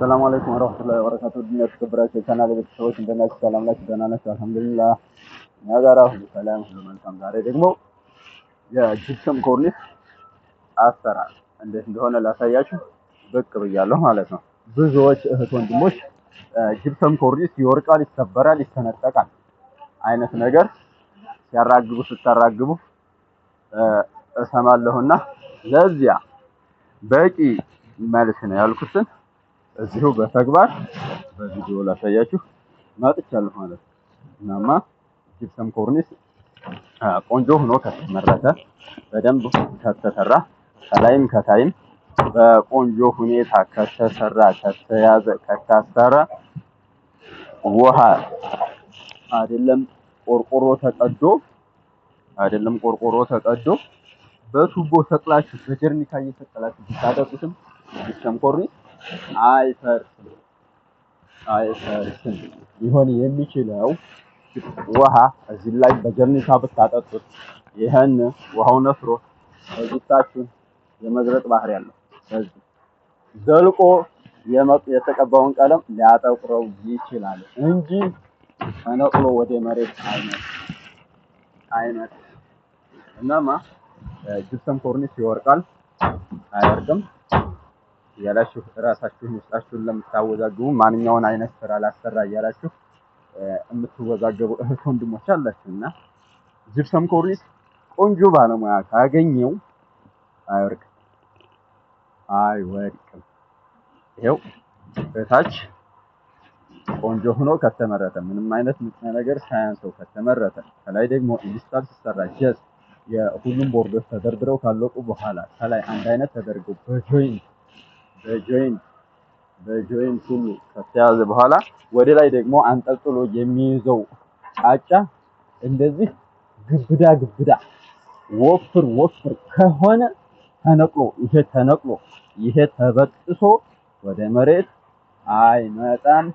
ሰላም አለይኩም ወራህመቱላሂ ወበረካቱህ። ድንያ ተከብራችሁ የቻናል ቤተሰቦች እንደናችሁ ሰላም ናችሁ? ደህና ናችሁ? አልሐምዱሊላህ እኛ ጋር ሁሉ ሰላም፣ ሁሉ መልካም። ዛሬ ደግሞ የጅብሰም ኮርኒስ አሰራር እንዴት እንደሆነ ላሳያችሁ ብቅ ብያለሁ ማለት ነው። ብዙዎች እህት ወንድሞች ጅብሰም ኮርኒስ ይወርቃል፣ ይሰበራል፣ ይሰነጠቃል አይነት ነገር ሲያራግቡ ስታራግቡ እሰማለሁና ለዚያ በቂ መልስ ነው ያልኩትን እዚሁ በተግባር በቪዲዮ ላሳያችሁ መጥቻለሁ ማለት ነው። እናማ ጂፕሰም ኮርኒስ ቆንጆ ሆኖ ከተመረተ በደንብ ከተሰራ ከላይም ከታይም በቆንጆ ሁኔታ ከተሰራ ከተያዘ ከታሰራ ውሃ አይደለም ቆርቆሮ ተቀዶ አይደለም ቆርቆሮ ተቀዶ በቱቦ ሰቅላችሁ በጀርኒካ እየሰቀላችሁ ብታጠጡትም ጂፕሰም ኮርኒስ አይፈርስም አይፈርስም ሊሆን የሚችለው ውሃ እዚህ ላይ በጀርኒካ ብታጠጡት ይህን ውሃው ነፍሮ እጅታችሁን የመዝረጥ ባህሪ ያለው በዚህ ዘልቆ የተቀባውን ቀለም ሊያጠቁረው ይችላል እንጂ ተነቅሎ ወደ መሬት አይነት አይነት እናማ ጅብሰም ኮርኒስ ይወርቃል አይወርቅም። እያላችሁ እራሳችሁን ውስጣችሁን ለምታወዛግቡ ማንኛውን አይነት ስራ ላሰራ እያላችሁ የምትወዛገቡ እህት ወንድሞች አላችሁ እና ጅብሰም ኮርኒስ ቆንጆ ባለሙያ ካገኘው አይወድቅም አይወርቅም። ይኸው በታች ቆንጆ ሆኖ ከተመረተ ምንም አይነት ንጥረ ነገር ሳያንሰው ከተመረተ፣ ከላይ ደግሞ ኢንስታል ሲሰራ ጀስ የሁሉም ቦርዶች ተደርድረው ካለቁ በኋላ ከላይ አንድ አይነት ተደርገው በጆይንት በጆይንት በጆይንቱን ከተያዘ በኋላ ወደ ላይ ደግሞ አንጠልጥሎ የሚይዘው ጫጫ እንደዚህ ግብዳ ግብዳ ወፍር ወፍር ከሆነ ተነቅሎ ይሄ ተነቅሎ ይሄ ተበጥሶ ወደ መሬት አይመጣም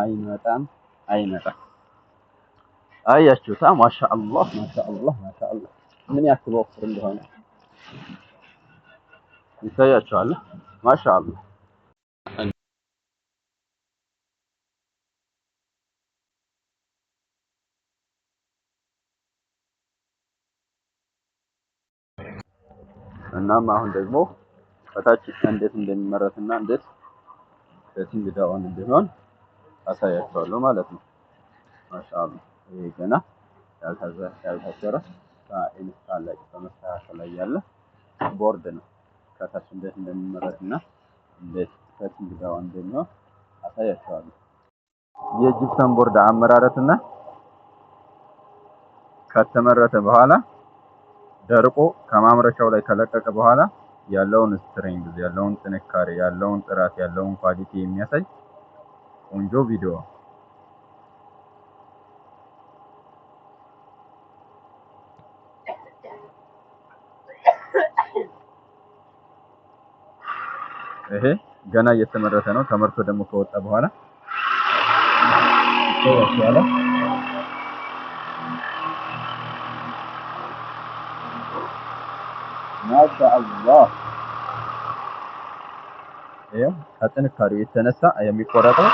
አይመጣም አይመጣም። አያችሁታ? ማሻአላህ ማሻአላህ ማሻአላህ ምን ያክል ወፍር እንደሆነ ይታያችኋል። ማሻአላህ እናም አሁን ደግሞ ከታች እንዴት እንደሚመረትና እንዴት ከቲንግ ዳውን እንደሆነ አሳያቸዋለሁ ማለት ነው። ማሻአላ ይሄ ገና ያልታዘ ያልታሰረ ኢንስታል ላይ በመስተካከል ላይ ያለ ቦርድ ነው። እርካታቸው እንዴት እንደሚመረት እና እንዴት ከት ግዛው እንደሚሆን አሳያቸዋለሁ። የጂፕሰም ቦርድ እና ከተመረተ በኋላ ደርቆ ከማምረቻው ላይ ከለቀቀ በኋላ ያለውን ስትሬንግዝ ያለውን ጥንካሬ ያለውን ጥራት ያለውን ኳሊቲ የሚያሳይ ቆንጆ ቪዲዮ ይሄ ገና እየተመረተ ነው። ተመርቶ ደግሞ ከወጣ በኋላ ማሻአላህ ይሄ ከጥንካሬው የተነሳ የሚቆረጠው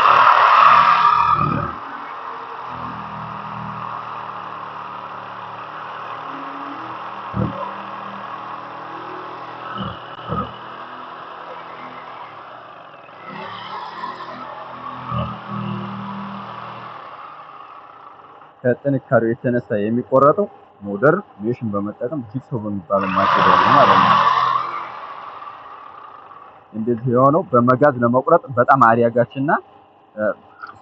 ከጥንካሬው የተነሳ የሚቆረጠው ሞደር ሜሽን በመጠቀም ጂግሶ በሚባል ማቴሪያል ነው ማለት ነው። እንደዚህ የሆነው በመጋዝ ለመቁረጥ በጣም አሪያጋችና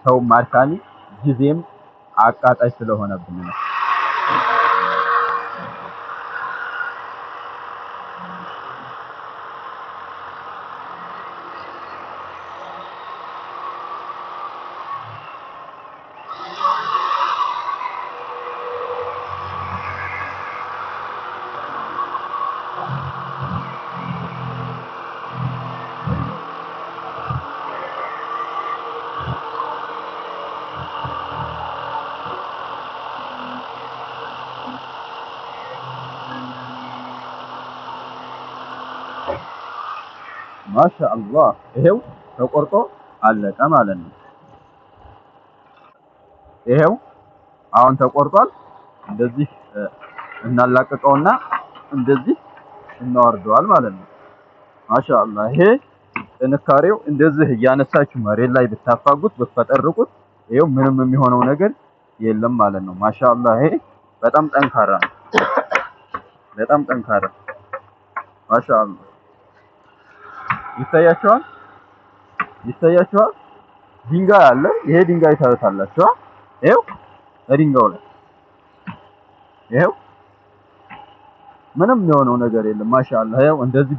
ሰው አድካሚ ጊዜም አቃጣይ ስለሆነብን ነው። ማሻአላህ ይሄው ተቆርጦ አለቀ ማለት ነው። ይሄው አሁን ተቆርጧል። እንደዚህ እናላቀቀውና እንደዚህ እናወርደዋል ማለት ነው። ማሻአላህ ይሄ ጥንካሬው እንደዚህ እያነሳችሁ መሬት ላይ ብታፋጉት ብትፈጠርቁት ይሄው ምንም የሚሆነው ነገር የለም ማለት ነው። ማሻአላህ ይሄ በጣም ጠንካራ ነው። በጣም ጠንካራ ማሻአላህ ይታያችኋል፣ ይታያችኋል። ድንጋይ አለ። ይሄ ድንጋይ ታዩታላችሁ። ይሄው ድንጋዩ ላይ ይሄው ምንም የሆነው ነገር የለም። ማሻአላ ይሄው እንደዚህ